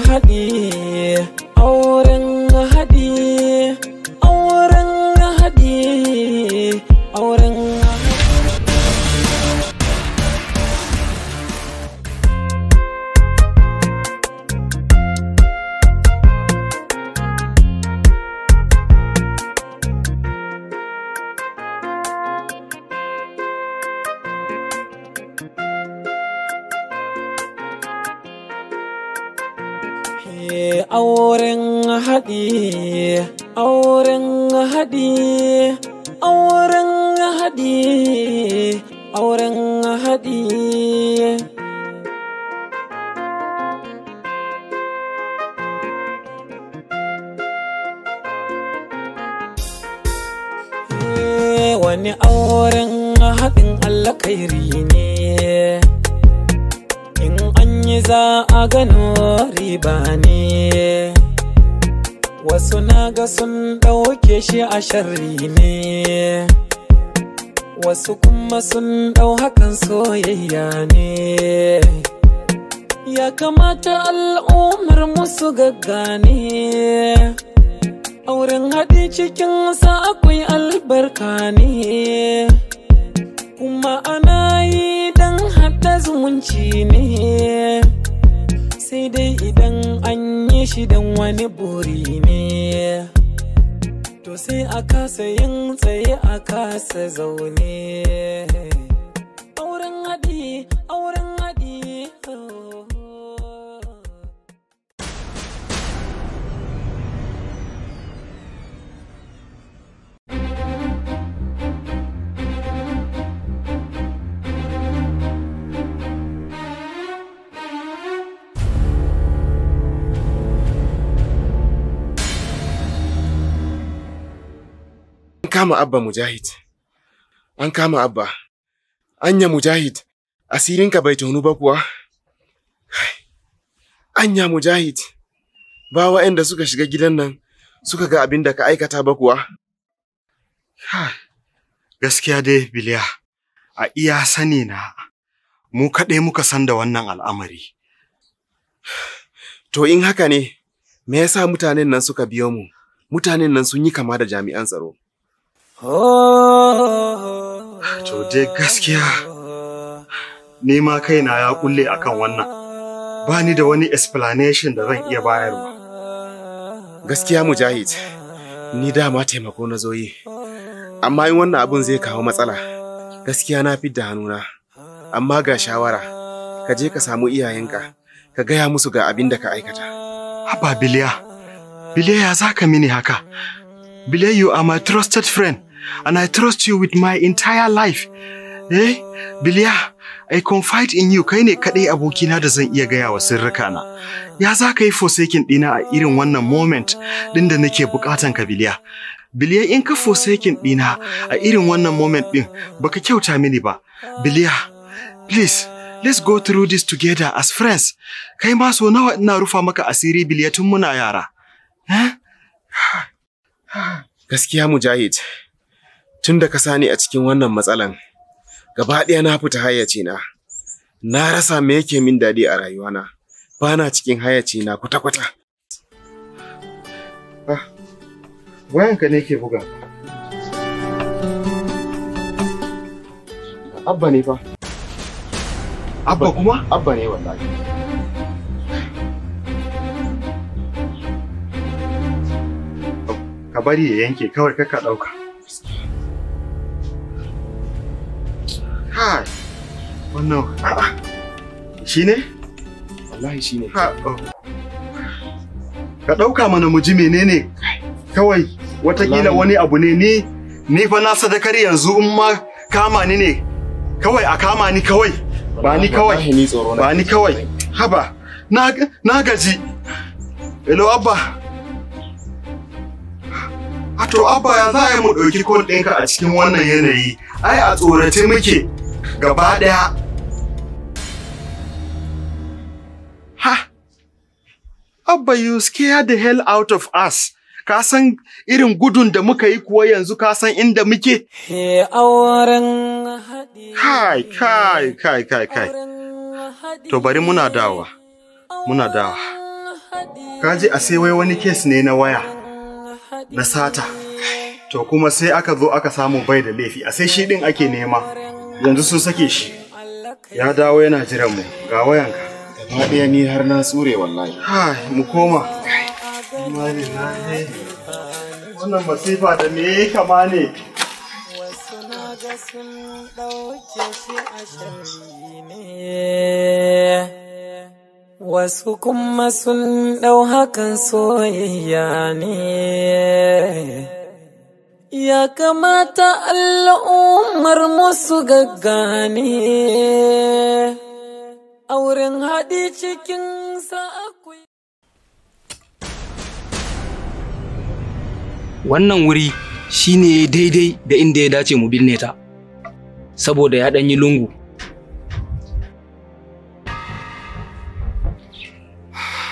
hadi haɗi auren haɗi auren haɗi auren haɗi eh, wani auren haɗin allakairi ne in an yi za a gano riba ne wasu naga sun ɗauke shi a sharri ne wasu kuma sun ɗau hakan soyayya ne ya kamata al'umar musu gaggane auren haɗi cikin sa akwai albarka ne kuma ana yi don haɗa zumunci ne sai dai idan an yi shi don wani buri ne to sai a kasa yin tsaye a kasa zaune auren haɗi auren haɗi oh. kama abba mujahid an kama abba anya mujahid asirinka bai tonu ba kuwa anya mujahid ba wa'anda suka shiga gidan nan suka ga abin da ka aikata ba kuwa gaskiya dai biliya a iya sani na mu kaɗai muka san da wannan al'amari to in haka ne me yasa mutanen nan suka biyo mu mutanen nan sun yi kama da jami'an tsaro To dai gaskiya ni ma kaina ya kulle akan wannan ba ni da wani explanation da zan iya bayarwa. Gaskiya Mujahid ni dama taimako na zoyi amma in wannan abun zai kawo matsala gaskiya na fi da hannuna amma ga shawara ka je ka samu iyayenka ka gaya musu ga abin da ka aikata. Haba Biliya, Biliya za ka mini haka. Biliya you are my trusted friend. and I trust you with my entire life. Eh, bilia I confide in you, kai ne kaɗai abokina da zan iya gaya wa na. Ya za ka yi fosekin ɗina a irin wannan moment din da nake bukatan ka bilia. bilia in ka fosekin dina a irin wannan moment ɗin baka kyauta mini ba. bilia please, let's go through this together as friends. Kai ma so nawa ina rufa maka asiri Biliya tun muna yara. Eh? Gaskiya Mujahid, tun da ka sani a cikin wannan matsalan gaba ɗaya na fita hayyacina na rasa me yake min daɗi a rayuwana ba na cikin hayyacina kwata-kwata ah, wayanka ne ke buga abba ne fa abba kuma abba ne wallahi ka bari ya yanke kawai kakka ɗauka Wannan shi ne? Wallahi shi ne. Oh. Ka ɗauka mana mu menene kawai watakila wani abu ne ni ni fa na sadakar yanzu in ma kama ni ne kawai a kama ni kawai ba ni kawai ba ni kawai haba na gaji Hello Abba. to Abba ya za mu ɗauki kod ɗinka a cikin wannan yanayi. Ai a tsorace muke gaba ɗaya Abba you scare the hell out of us. Ka san irin gudun da muka yi kuwa yanzu ka san inda muke? auren Kai, kai, kai, kai, kai. To bari muna dawa. Muna dawa. Kaji a sai wai wani kes ne na waya. Na sata. To kuma sai aka zo aka samu bai da laifi, a sai shi ɗin ake nema. Yanzu sun sake shi. Ya dawo yana jiran mu. Ga wayanka. Gaba ɗaya ni har na tsure wallahi. mu koma. Wannan masifa da me ya kama ne? Wasu kuma sun ɗau hakan soyayya ne. Ya kamata Allah Umar musu gaggane. auren haɗi cikin sa akwai. Wannan wuri shi ne daidai da inda ya dace mu binne ta, saboda ya yi lungu.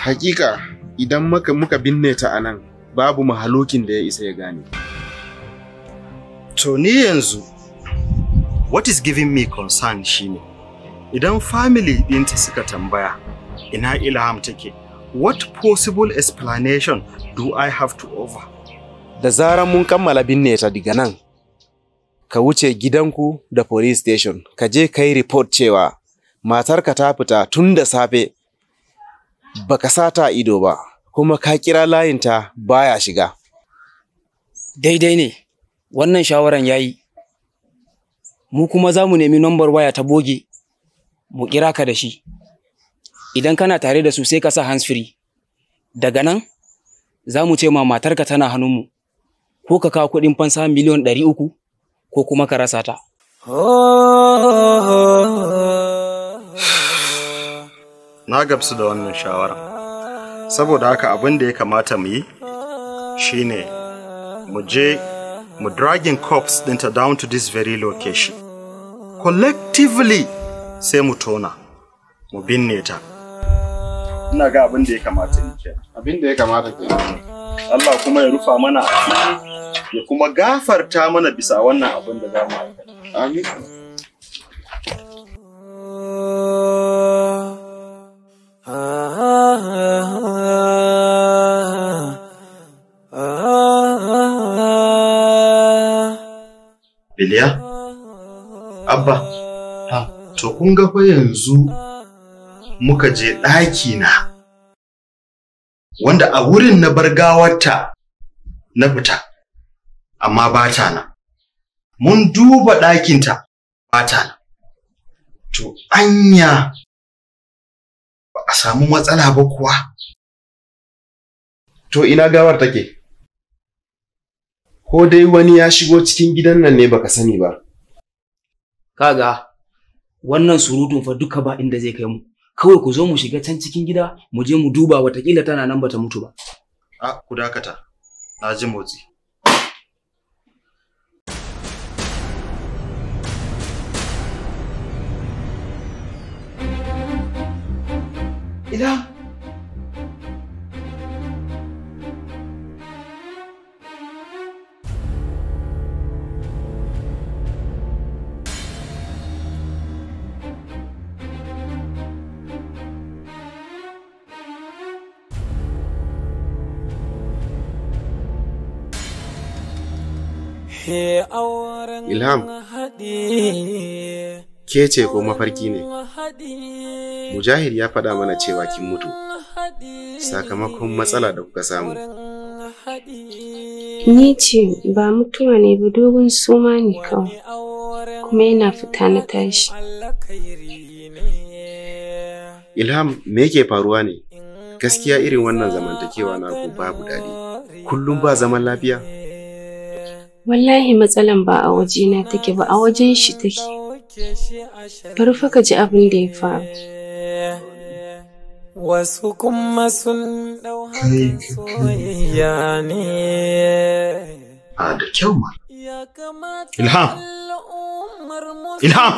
Hakika idan muka, binne ta a nan babu mahalokin da ya isa ya gane. To ni yanzu, what is giving me concern shine idan family dinta suka tambaya ina ilham take what possible explanation do i have to offer da zaran mun kammala binne ta daga nan ka wuce gidanku da police station ka je ka yi report cewa matarka ta fita tun da safe baka sata ido ba kuma ka kira layinta baya shiga daidai ne wannan shawaran yayi mu kuma za mu nemi nambar waya ta boge mu kira ka da shi idan kana tare da su sai ka sa hands free daga nan za mu ce ma matarka tana hannun mu ko ka kawo kuɗin fansa miliyan ɗari uku ko kuma ka rasa ta. Na gamsu da wannan shawara, saboda haka abin da ya kamata mu yi shi ne mu je mu dragging corpse dinta down to this very location. Collectively, sai mu tona mu binne ta ina ga abin da ya kamata ni ke abin da ya kamata ke Allah kuma ya rufa mana ya kuma gafarta mana bisa wannan abin da za mu aikata amin ah, ah, ah, Biliya? Abba. To kun ga fa yanzu muka je ɗaki na wanda a wurin na bar gawarta na fita amma ba ta na, Mun duba ɗakinta ba ta na, To anya ba a samu matsala ba kuwa. To ina gawar take? Ko dai wani ya shigo cikin gidan nan ne baka sani ba. Kaga wannan surutun fa duka ba inda zai kai mu kawai ku zo mu shiga can cikin gida mu je mu duba watakila tana nan bata mutu ba a ku dakata na ji motsi ila Ilham, ke ce ko mafarki ne? Mujahid ya faɗa mana cewa kin mutu, sakamakon matsala da kuka samu. Ni ce ba mutuwa ne ba dogon suma ne kawai, kuma yana fita na tashi. Ilham, me ke faruwa ne? Gaskiya irin wannan zamantakewa na ku babu daɗi. Kullum ba zaman lafiya? Wallahi matsalan ba a wajena take ba a wajen shi take. Bari fa ka ji abin da ya faru. Wasu kuma sun soyayya ne. A da kyau ma. Ilham! Ilham!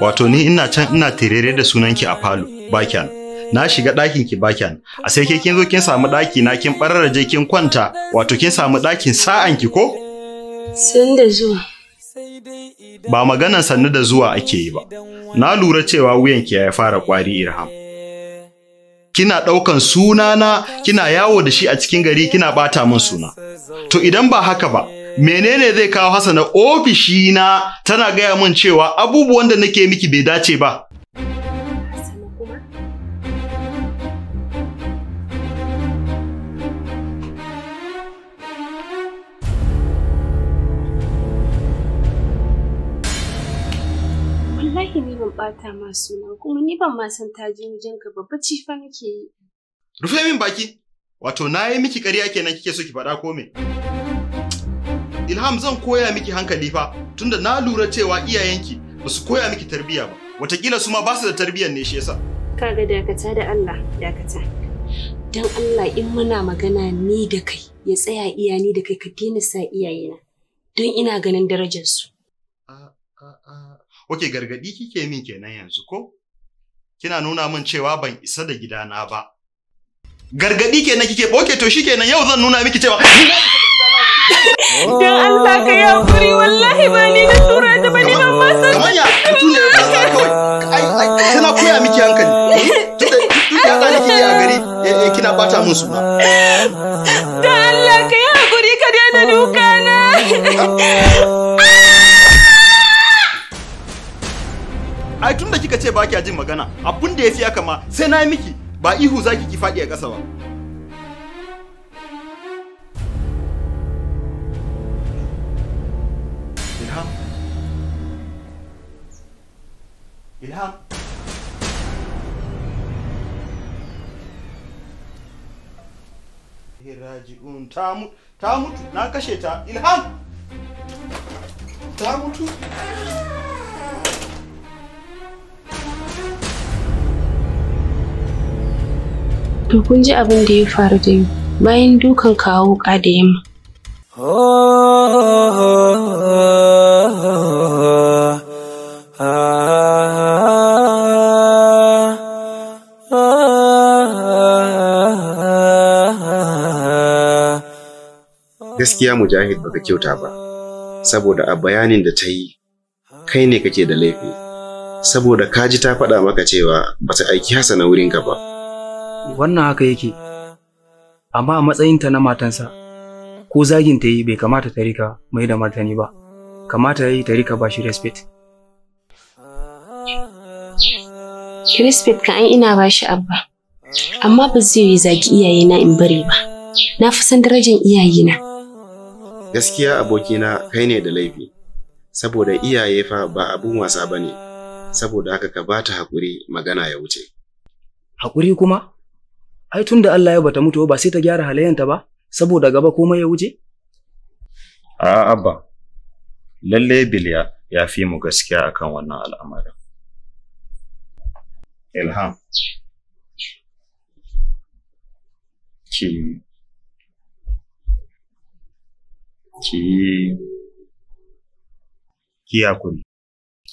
Wato ni ina can ina terere da sunanki a falo, ba kyan. na shiga ɗakin ki bakyan a sai ke kin zo kin samu ɗaki na kin bararraje kin kwanta wato kin samu ɗakin sa'an ki ko sun da zuwa ba maganan sannu da zuwa ake yi ba na lura cewa wuyan ki ya fara kwari irham kina ɗaukan sunana kina yawo da shi a cikin gari kina ɓata min suna to idan ba haka ba menene zai kawo hasana ofishina tana gaya min cewa abubuwan da nake miki bai dace ba bata ma suna kuma ni ban ma san ta je wajen ka babba ci fa nake yi. Rufe min baki. Wato na yi miki ƙarya kenan kike so ki faɗa ko me? Ilham zan koya miki hankali fa tunda na lura cewa iyayenki ba su koya miki tarbiyya ba. Wataƙila su ma ba su da tarbiyyar ne shi yasa. Kaga dakata da Allah dakata. Don Allah in muna magana ni da kai ya tsaya iya ni da kai ka daina sa iyayena. Don ina ganin darajarsu. A a a Oke gargaɗi kike min kenan yanzu ko? Kina nuna min cewa ban isa da gidana ba. Gargaɗi kenan kike boke to shikenan yau zan nuna miki cewa don Allah ka yi hakuri wallahi ba ni na tura ta ba ni ban ma san. ya mutum ne ya fasa kawai. Ai ai kana koya miki hankali. Ya ka nake a gari eh, eh, kina bata min suna. don Allah ka yi hakuri ka daina duka na. Ah. ai tunda kika ce ba kya jin magana abun da ya fi haka ma sai na yi miki ba ihu zaki ki faɗi a ƙasa ba ilham ilham eh, raji'un ta mutu ta mutu na kashe ta ilham ta mutu To kun ji abin da ya faru da yi, bayan dukan kawo wuka da yamma. Gaskiya Mujahid baka kyauta ba, saboda a bayanin da ta yi, kai ne kake da laifi, saboda kaji ta faɗa maka cewa bata aiki Hassana wurinka ba. wannan haka yake amma a matsayinta na matansa ko zagin ta yi bai kamata ta rika mai da martani ba kamata ya yi ta rika bashi respect respect ka an ina bashi abba amma ba zai yi zagi iyayena in bari ba na fi san darajar iyayena gaskiya abokina kai ne da laifi saboda iyaye fa ba abun wasa ba ne saboda haka ka ba ta haƙuri magana ya wuce haƙuri kuma ai da Allah ya bata mutu ba sai ta gyara halayyanta ba saboda gaba komai ya wuce A abba lalle biliya ya fi mu gaskiya akan wannan al'amarin ilham ki ki ki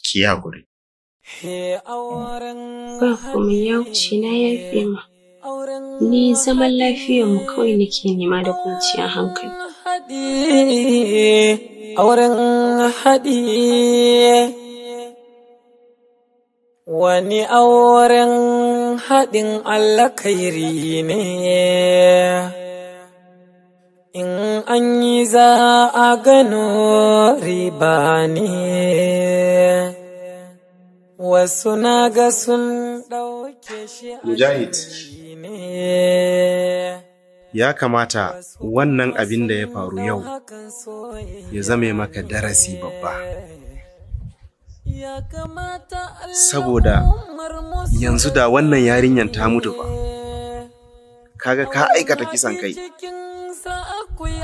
ki Ba kuma ya na yafe ma. Ni zaman mu kawai nake nema da kwanciyar hankali. Auren haɗi wani auren haɗin kairi ne. In an yi za a gano riba ne, wasu na ga sun ɗauke shi a ya kamata wannan abin da ya faru yau ya zame maka darasi babba saboda yanzu da wannan yarinyar ta mutu ba kaga ka aikata kisan kai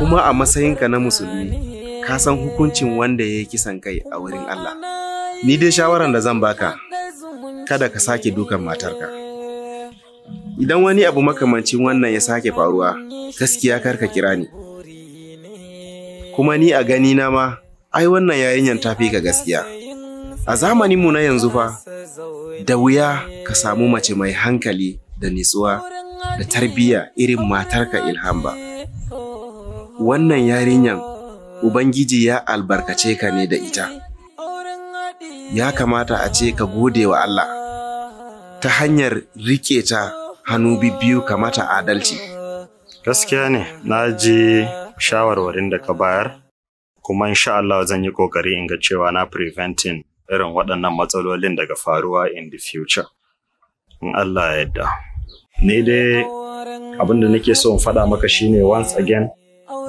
kuma a matsayinka na musulmi ka san hukuncin wanda ya yi kisan kai a wurin Allah ni dai shawaran da zan baka kada ka sake dukan matarka Idan wani abu makamancin wannan ya sake faruwa, gaskiya kar ka kira ni. Kuma ni a gani na ma, ai wannan yayin ta fi ka gaskiya. A zamanin mu na yanzu fa, da wuya ka samu mace mai hankali da nitsuwa da tarbiyya irin matarka ilham ba. Wannan yarinyan Ubangiji ya albarkace ka ne da ita. Ya kamata a ce ka gode wa Allah ta hanyar riƙe ta hannu biyu kamata adalci. Gaskiya ne, na ji shawarwarin da ka bayar, kuma insha Allah zan yi ƙoƙari in ga cewa na preventing irin waɗannan matsalolin daga faruwa in the future. In Allah ya yarda. Ni dai abin da nake so in faɗa maka shine once again,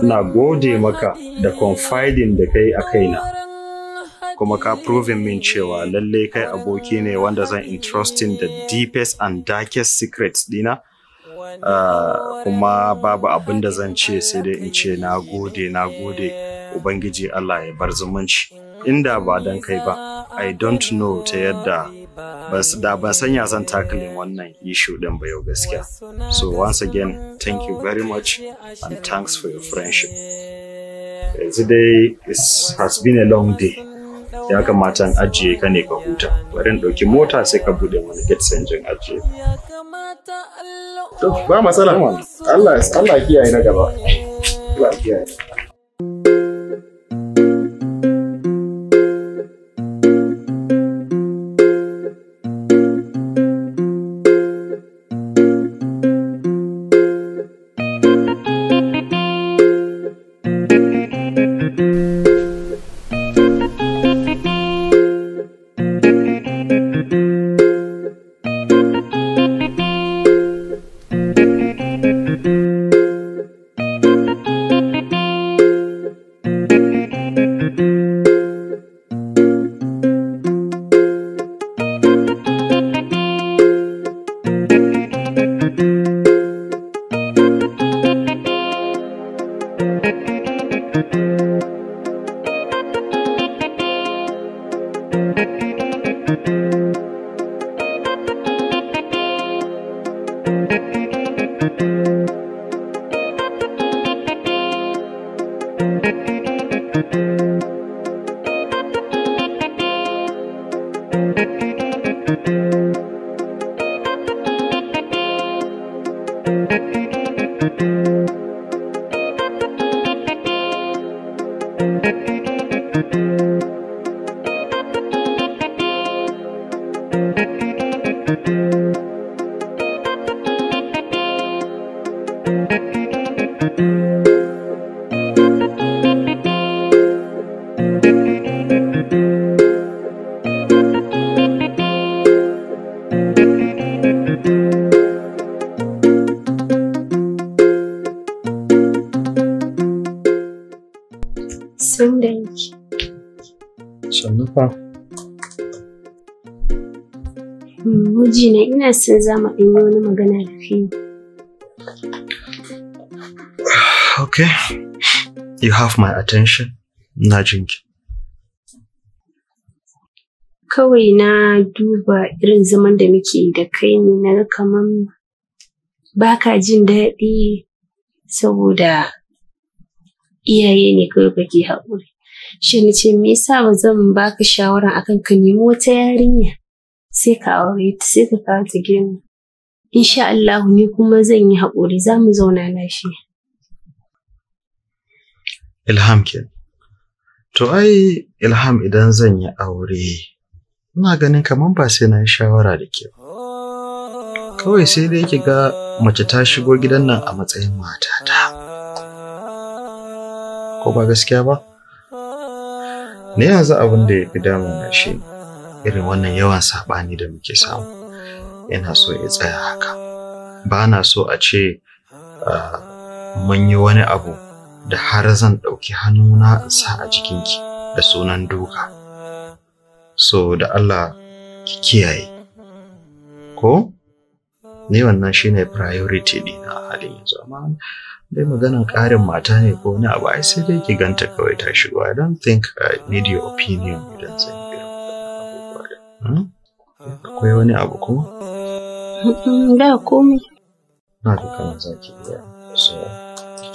ina gode maka da confiding da kai a kaina. kuma ka proving min cewa lalle kai aboki ne wanda zan interesting the deepest and darkest secrets dina uh, kuma babu abin da zan ce sai dai in ce na gode na gode ubangiji allah ya bar zumunci inda ba dan kai ba i don't know ta yadda da ban sanya zan tackling wannan issue din ba yau gaskiya so once again thank you very much and thanks for your friendship today is, has been a long day ya kamata in ajiye ka ne ka huta bari in ɗauki mota sai ka buɗe wani get sanjin ajiye to ba matsala Allah ya kiyaye na gaba Allah ya kiyaye Thank you. ina son za mu ɗanyi wani magana da fiye. Okay, you have my attention, na jinki. Kawai na duba irin zaman da muke da kai ne na kamar ba ka jin daɗi saboda iyaye ne kawai baki haƙuri. Shi ce, me yasa ba zan baka shawara akan ka nemi wata yarinya? sai ka aure ta sai ka kawo ta in insha Allah ni kuma zan yi haƙuri za mu zauna lafiya ilham ke to ai ilham idan zan yi aure ina ganin kamar ba sai na yi shawara da ke kawai sai dai ki ga mace ta shigo gidan nan a matsayin matata ko ba gaskiya ba ne yanzu abin da ya fi damun shi ne. irin wannan yawan saɓani da muke samu Ina so ya tsaya haka ba na so a ce ah, mun yi wani abu da har zan ɗauki hannuna in sa a jikinki da sunan duka so da Allah ki kiyaye ko ni wannan shine priority ɗina a halin yanzu amma dai maganan ƙarin mata ne ko wani abu ai sai dai ki ganta kawai ta shigo i don't think i ah, need your opinion idan zai Hmm? Akwai wani abu kuma? Da hmm, komai. Na da kamar za ki iya so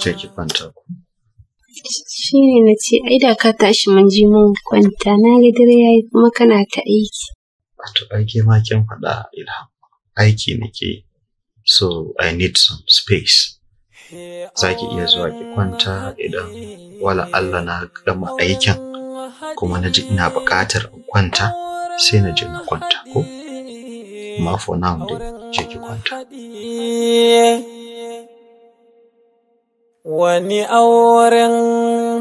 ce ki kwanta ku. Shi ne na ce, ai da ka tashi mun ji mun kwanta, na ga dare yayi kuma kana ta aiki. Wato aiki ma kin faɗa ilham, aiki nake so I need some space. Za ki iya zuwa ki kwanta idan wala Allah na gama aikin kuma na ji ina buƙatar in kwanta. sai na je na kwanta ko amma for now dai je ki kwanta wani auren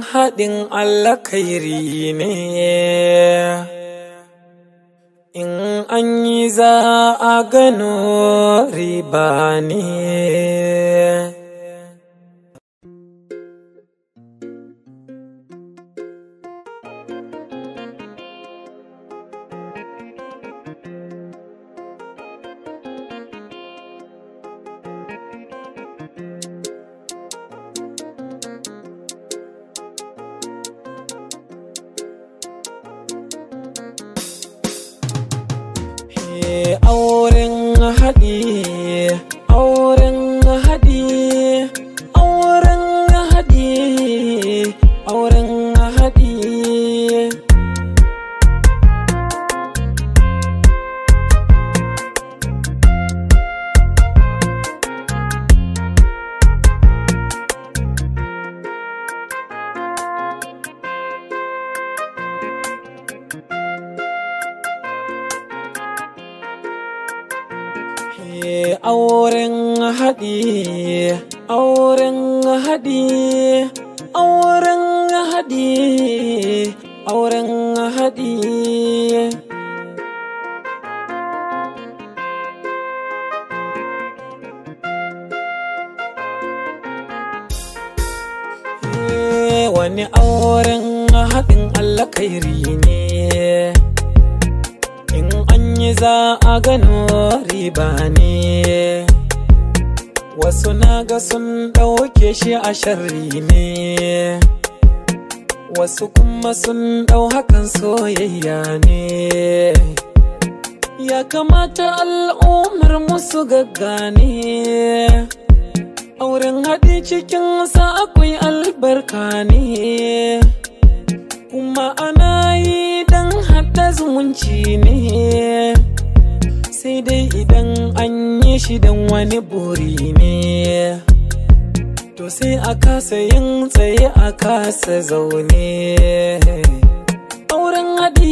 haɗin alakairi ne in an yi za a gano riba ne haɗi auren haɗi auren haɗi auren haɗi eh, wani auren haɗin allakairi ne in an za a gano riba ne wasu naga sun ɗauke shi a sharri ne wasu kuma sun ɗau hakan soyayya ne ya kamata al'umar musu gaggane auren haɗi cikinsa akwai albarka ne kuma ana yi don haɗa zumunci ne sai dai idan an yi shi don wani buri ne to sai a kasa yin tsaye a kasa zaune auren haɗi